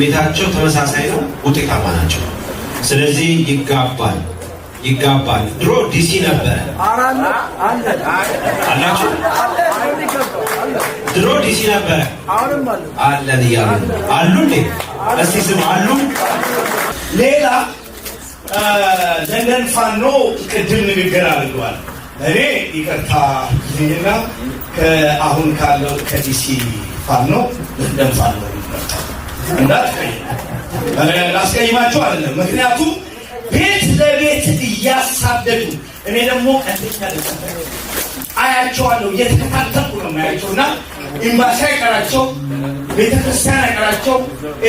ቤታቸው ተመሳሳይ ነው፣ ውጤታማ ናቸው። ስለዚህ ይጋባል ይጋባል። ድሮ ዲሲ ነበረ አላችሁ፣ ድሮ ዲሲ ነበረ አለን እያሉ አሉ እንዴ? እስቲ ስም አሉ። ሌላ ለንደን ፋኖ ቅድም ንግግር አድርገዋል። እኔ ይቅርታ ጊዜና አሁን ካለው ከዲሲ ፋኖ ለንደን ፋኖ ላስቀይማቸው አይደለም። ምክንያቱም ቤት ለቤት እያሳደዱ እኔ ደግሞ ቀጥታ አያቸዋለሁ እየተከታተልኩ ነው የማያቸው እና ኤምባሲ አይቀራቸው፣ ቤተክርስቲያን አይቀራቸው፣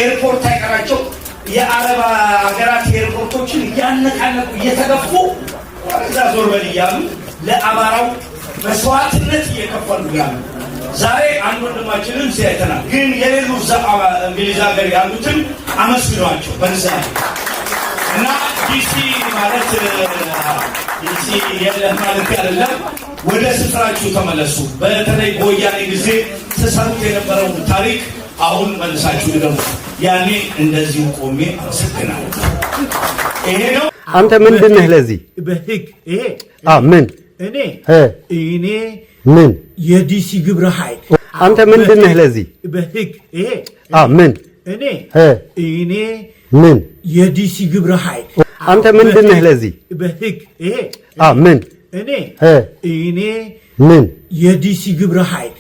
ኤርፖርት አይቀራቸው የአረብ ሀገራት ኤርፖርቶችን እያነቃነቁ እየተገፉ እዛ ዞር በል እያሉ ለአማራው መስዋዕትነት እየከፈሉ ያሉ ዛሬ አንድ ወንድማችንን ሲያይተናል። ግን የሌሉ እንግሊዝ ሀገር ያሉትን አመስግኗቸው በንዛ እና ዲሲ ማለት ዲሲ የለህ ማለት አይደለም። ወደ ስፍራችሁ ተመለሱ። በተለይ በወያኔ ጊዜ ተሰሩት የነበረው ታሪክ አሁን መልሳችሁ ልገቡ። ያኔ እንደዚሁ ቆሜ አመሰግናለሁ። ይሄ ነው። አንተ ምንድን ነህ? ለዚህ በህግ ይሄ ምን እኔ እኔ ምን የዲሲ ግብረ ኃይል አንተ ምንድን ነህ? ለዚህ በህግ ይሄ ምን እኔ እኔ ምን የዲሲ ግብረ ኃይል አንተ ምንድን ነህ? ለዚህ በህግ ይሄ ምን እኔ እኔ ምን የዲሲ ግብረ ኃይል